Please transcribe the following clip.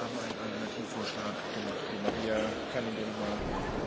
haben einen Alternativvorschlag gemacht. Die Maria kann ihn mal